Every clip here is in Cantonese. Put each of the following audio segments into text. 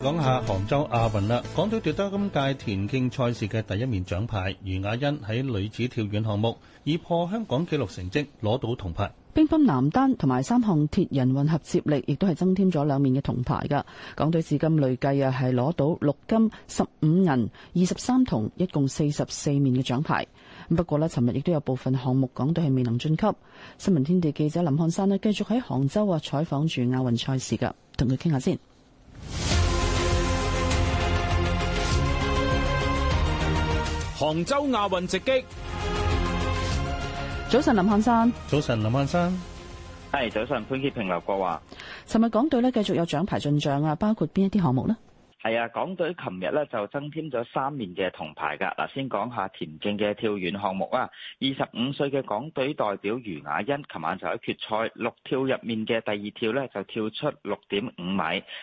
講下杭州亞運啦。港隊奪得今屆田徑賽事嘅第一面獎牌，俞雅欣喺女子跳遠項目以破香港紀錄成績攞到銅牌。乒乓男單同埋三項鐵人混合接力亦都係增添咗兩面嘅銅牌噶。港隊至今累計啊係攞到六金、十五銀、二十三銅，一共四十四面嘅獎牌。不過呢，尋日亦都有部分項目港隊係未能晉級。新聞天地記者林漢山咧繼續喺杭州啊採訪住亞運賽事噶，同佢傾下先。杭州亞運直擊。早晨，林漢山。早晨，林漢山。係，早晨潘潔平、劉國華。尋日港隊咧繼續有獎牌進賬啊，包括邊一啲項目咧？係啊，港隊琴日咧，就增添咗三面嘅銅牌噶。嗱，先講下田徑嘅跳遠項目啊。二十五歲嘅港隊代表俞雅欣，琴晚就喺決賽六跳入面嘅第二跳呢，就跳出六點五米。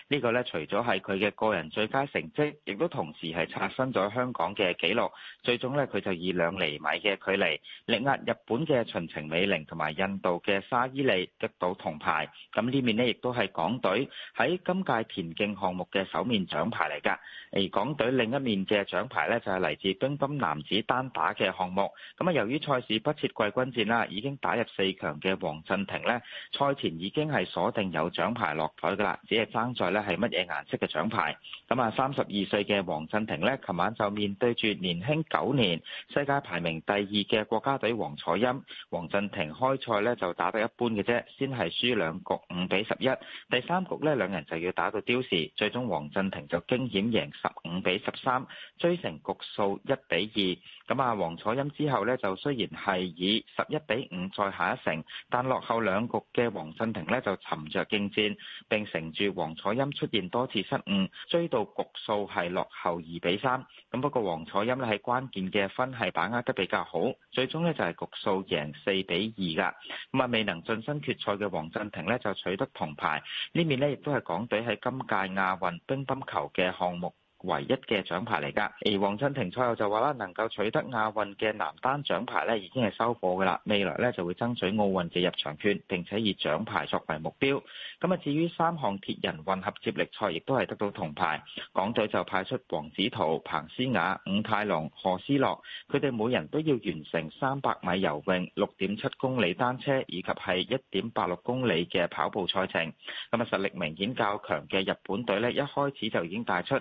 呢個呢，除咗係佢嘅個人最佳成績，亦都同時係刷新咗香港嘅紀錄。最終呢，佢就以兩厘米嘅距離力壓日本嘅秦程美玲同埋印度嘅沙伊利得到銅牌。咁呢面呢，亦都係港隊喺今屆田徑項目嘅首面獎獎牌嚟噶，而港隊另一面嘅獎牌呢，就係嚟自乒乓男子單打嘅項目。咁啊，由於賽事不設季軍戰啦，已經打入四強嘅黃鎮廷呢，賽前已經係鎖定有獎牌落枱噶啦，只係爭在呢係乜嘢顏色嘅獎牌。咁啊，三十二歲嘅黃鎮廷呢，琴晚就面對住年輕九年、世界排名第二嘅國家隊王楚欽。黃鎮廷開賽呢，就打得一般嘅啫，先係輸兩局，五比十一。第三局呢，兩人就要打到刁時，最終黃鎮廷。驚險贏十五比十三，追成局數一比二。咁啊，王楚欽之後呢，就雖然係以十一比五再下一城，但落後兩局嘅黃鎮廷呢，就沉着應戰，並乘住王楚欽出現多次失誤，追到局數係落後二比三。咁不過王楚欽呢，喺關鍵嘅分係把握得比較好，最終呢，就係局數贏四比二㗎。咁啊，未能晉身決賽嘅黃鎮廷呢，就取得銅牌。呢面呢，亦都係港隊喺今屆亞運乒乓球。嘅項目，唯一嘅獎牌嚟噶，而黃鎮廷賽後就話啦：能夠取得亞運嘅男單獎牌呢已經係收貨㗎啦。未來呢就會爭取奧運嘅入場券，並且以獎牌作為目標。咁啊，至於三項鐵人混合接力賽，亦都係得到銅牌。港隊就派出黃子圖、彭思雅、伍太龍、何思樂，佢哋每人都要完成三百米游泳、六點七公里單車以及係一點八六公里嘅跑步賽程。咁啊，實力明顯較強嘅日本隊呢，一開始就已經帶出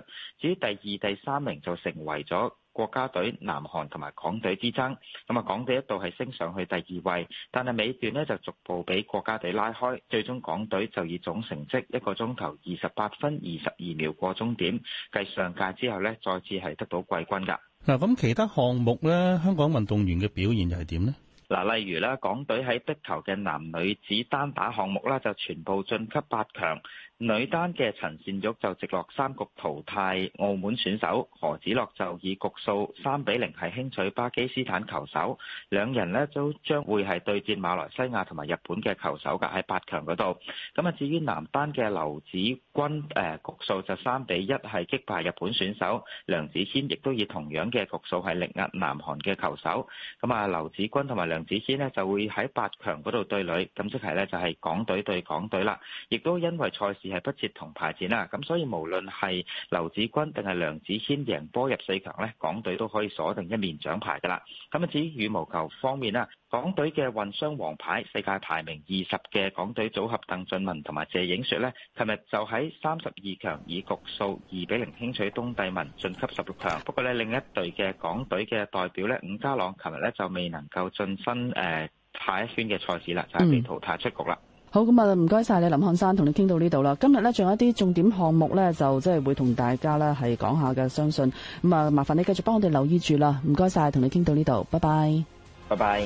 第二、第三名就成為咗國家隊、南韓同埋港隊之爭。咁啊，港隊一度係升上去第二位，但係尾段呢就逐步俾國家隊拉開。最終港隊就以總成績一個鐘頭二十八分二十二秒過終點，繼上屆之後呢再次係得到季軍㗎。嗱，咁其他項目呢，香港運動員嘅表現又係點呢？嗱，例如呢，港隊喺壁球嘅男女子單打項目咧，就全部晉級八強。女單嘅陳善玉就直落三局淘汰澳門選手何子樂，就以局數三比零係輕取巴基斯坦球手，兩人呢都將會係對戰馬來西亞同埋日本嘅球手噶喺八強嗰度。咁啊，至於男單嘅劉子君誒、呃、局數就三比一係擊敗日本選手梁子軒，亦都以同樣嘅局數係力壓南韓嘅球手。咁、嗯、啊，劉子君同埋梁子軒呢就會喺八強嗰度對壘，咁即係呢，就係港隊對港隊啦，亦都因為賽事。而係不設銅牌戰啦，咁所以無論係劉子君定係梁子軒贏波入四強呢，港隊都可以鎖定一面獎牌噶啦。咁啊，至於羽毛球方面啊，港隊嘅混雙黃牌世界排名二十嘅港隊組合鄧俊文同埋謝影雪呢，琴日就喺三十二強以局數二比零輕取東帝汶晉級十六強。不過呢另一隊嘅港隊嘅代表呢，伍家朗，琴日呢就未能夠進身誒下一圈嘅賽事啦，就係被淘汰出局啦。好，咁啊，唔該晒你，林漢山，同你傾到呢度啦。今日咧，仲有一啲重點項目咧，就即係會同大家咧係講下嘅。相信咁啊，麻煩你繼續幫我哋留意住啦。唔該晒，同你傾到呢度，拜拜，拜拜。